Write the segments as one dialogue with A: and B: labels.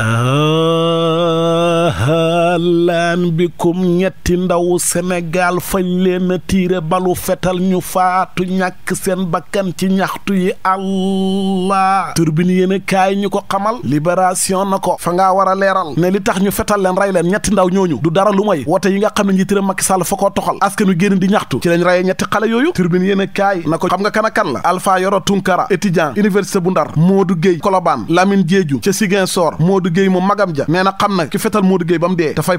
A: Ah. laan bikum ñetti ndaw Sénégal fañ leen a tiire balu fetal ñu faatu ñàkk seen bakkan ci ñaxtu yi Allah turbine yéen a ñu ko xamal libération na ko fa ngaa war a leeral ne li tax ñu fetal leen rey leen ñetti ndaw ñooñu du dara lu may wote yi nga xam ne njiitéram Macky Sall fa koo toxal askanu génn di ñaxtu ci lañ reyee ñetti xale yooyu turbine yéen a kaay na ko xam nga kan a kan la Alpha Yoro Tunkara étudiant université bu Ndar moo Gueye Colobane Lamine Diédhiou ca Ziguinchor Modou Gueye mu magam ja nee na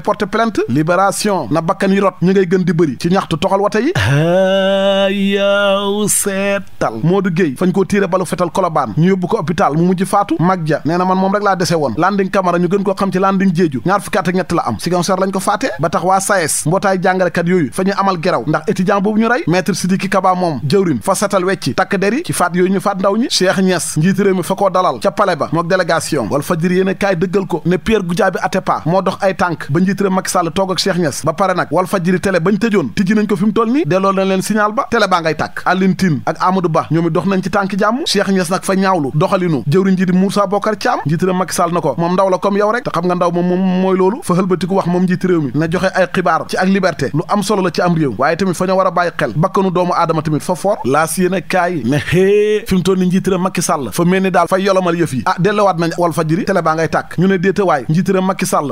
A: mooy porte plainte libération na bakkan yi rot ñu ngay gën di bëri ci ñaxtu toxal wate yi yaaw seetal Modou Gueye fañ koo tiire balu fetal kolobaan ñu yóbbu ko hôpital mu mujj faatu mag ja nee na man moom rek laa dese woon Landing Camara ñu gën koo xam ci Landing Jeeju ñaar fukki at ak ñett la am Ziguinchor lañ ko faatee ba tax waa SAES mbootaay jàngalekat yooyu fa ñuy amal geraw ndax étudiant boobu ñu rey maître Sidiki Kaba moom jëwrin fa setal wecci takk deri ci faat yooyu ñu faat ndaw ñi Cheikh Niass njiitu réew mi fa koo dalal ca palais ba mook délégation ko ne Pierre Goudiaby moo dox ay tànk ba njiit réew Macky toog ak Cheikh Niass ba pare nag wal fajiri télé bañ ba ah ngay tàkk ñu a ne xée fi mu toll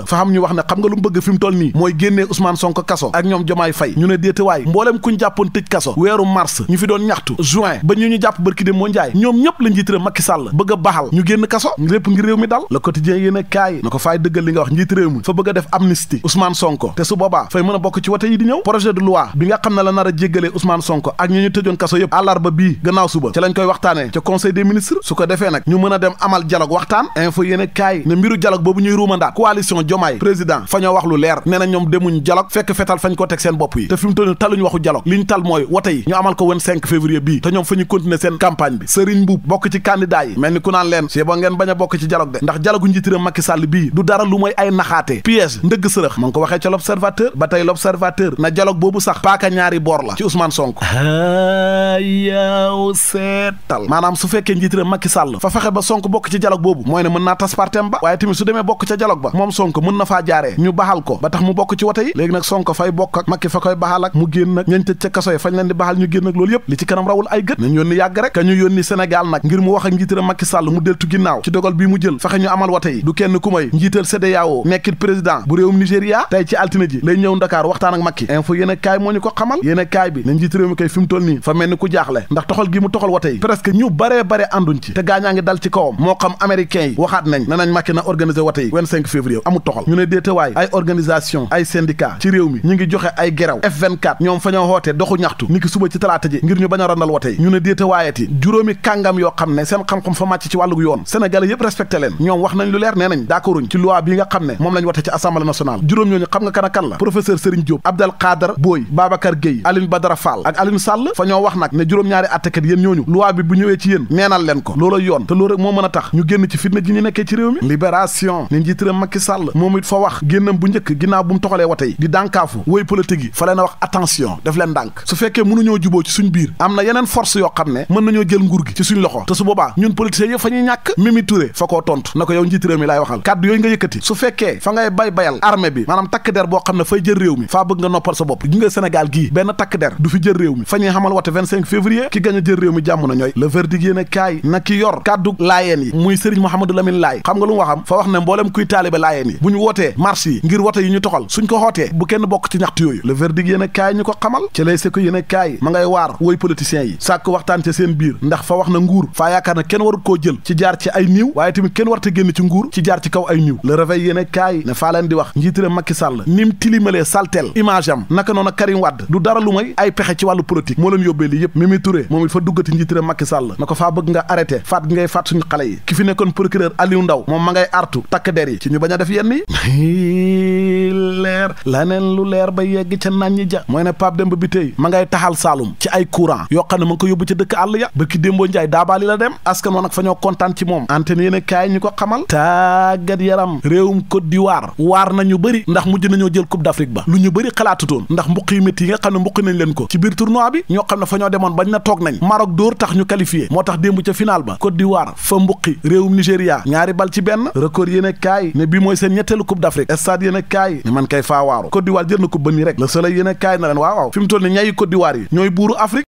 A: fa mel ñu wax ne xam nga lu mu bëgg fi mu nii mooy génnee Ousmane Sonko kaso ak ñoom Jomaay Fay ñu ne déetewaay mbooleem kuñ jàppoon tëj kaso weeru mars ñu fi doon ñaxtu juin ba ñu ñu jàpp bërki dem moo njaay ñoom ñëpp la njiit réew Macky bëgg a baxal ñu génn kaso lépp ngir réew mi dal le quotidien yéen a kaay na ko faay dëggal li nga wax njiit fa bëgg a def amnistie Ousmane Sonko te su boobaa fay mën a bokk ci wote yi di ñëw projet de loi bi nga xam ne la nar a ñoo wax lu leer nee na ñoom demuñ dialogue fekk fetal fañ ko teg seen bopp yi te fi mu toll taluñ waxu dialogue li ñu tal mooy wote yi ñu amal ko woon 5 bii te ñoom fa ñu continuer seen campagne bi Serigne Mboup bokk ci candidat yi mel ni ku naan leen si bo ngeen bañ a bokk ci dialogue de ndax dialogue njiitiram Macky Sall bii du dara lu mooy ay naxaate piège ndëgg sërëx ma ngi ko waxee ca l'observateur ba tey l'observateur na dialogue boobu sax paaka ñaari boor la ah, bokk ci dialogue boobu mooy ne mën naa tas partem ba waaye tamit su demee bokk ca dialogue ba baxal ko ba tax mu bokk ci wote yi léegi nag Sonko fay bokk ak Macky fa koy baxal ak mu génn nag ñañ tëj ca kaso yi fañ leen di ñu génn ak loolu yëpp li ci kanam rawul ay gët nañ yónni yàgg rek ka ñu yónni Sénégal nag ngir mu wax ak njiitëram Macky Sall mu deltu ginnaaw ci dogal bi mu jël fexe ñu amal wote yi du kenn ku moy njiital CEDEAO nekkit président bu tey ci altine ji lay ñëw Ndakaar waxtaan ak Macky info yéen a ñu ko xamal yéen a kaay bi ne njiit réew mi koy fi mu toll nii fa mel ni ku jaaxle ndax toxal gi mu toxal wote yi presque ñu baree bare ànduñ ci te gaañaa ngi dal ci kawam moo xam américain yi waxaat nañ ne nañ Macky na organiser wote yi 25 ay ay syndicat ci réew mi ñu ngi joxe ay geraw F24 ñoom fa ñoo woote doxu ñaxtu ni suba ci talaata ji ngir ñu bañ a randal wote yi ñu ne déete waayati juróomi kàngam yoo xam ne seen xam-xam fa màcc ci wàllu yoon sénégalais yépp respecté leen ñoom wax nañ lu leer nee nañ d'accorduñ ci loi bi nga xam ne moom lañ wote ci assemblée nationale juróom ñooñu xam nga kan a kan la professeur Serigne Diop Abdel Kader Boy Babacar Gueye bu njëkk ginnaaw bu mu toxalee wate yi di dànkaafu woy politique yi fa leen a wax attention def leen dànk su fekkee mënuñoo juboo ci suñu biir am na yeneen force yoo xam ne mën nañoo jël nguur gi ci suñu loxo te su boobaa ñun politiciens yëpp fa ñuy ñàkk Mimi Touré fa koo tontu na ko yow njiit réew mi laay waxal kàddu yooyu nga yëkkati su fekkee fa ngay bay bayal armée bi maanaam takk der boo xam ne fay jël réew mi faa bëgg nga noppal sa bopp gi nga Sénégal gii benn takk der du fi jël réew mi fa ñuy xamal a jël réew mi a muy Serigne Mouhamadou Lamine Laay xam nga lu mu waxam fa wax mboolem kuy taalibe laayeen bu ñu wootee marche yi ngir wote yu ñu toxal suñ ko xootee bu kenn bokk ci ñaxtu yooyu le a kaay ñu ko xamal ci lay se ko ma ngay waar wooy politiciens yi sàkk waxtaan ca seen biir ndax fa wax na nguur faa yaakaar na kenn warut koo jël ci jaar ci ay niiw waaye tamit kenn warta génn ci nguur ci jaar ci kaw ay niiw le réveil a kaay ne faa leen di wax njiitëre Macky Sall nim tilimalee salteel image am naka noonu Karim Wade du dara lu may ay pexe ci wàllu politique moo leen yóbbee li yëpp Mimi Touré moom it fa duggati njiitëre Macky Sall a def yenn yi leer laneen lu leer ba yegg ca nañ ja mooy ne Pape Demba bi tey ma ngay taxal Saalum ci ay courant yoo xam ne ma ngi ko yóbbu ca dëkk àll ya bëkki démboo Njaay daabaali la dem askan woon nag fa ñoo kontaan ci moom antenne yéen kaay ñu ko xamal tàggat yaram réewum Côte d'Ivoire waar nañu bëri ndax mujj nañoo jël Coupe d'Afrique ba lu ñu bëri xalaatutoon ndax mbuq yu métti yi nga xam ne mbuq nañ leen ko ci biir tournoi bi ñoo xam ne fa ñoo demoon na toog ba Côte d'Ivoire fa mbuqi réewum Nigéria ñaari stade yéen kaay ni man kay faawaaru Côte d'Ivoire jël na ko bënni rek Le Soleil yéen a kaay na leen waaw waaw fi mu ni ñayi Côte yi ñooy buuru Afrique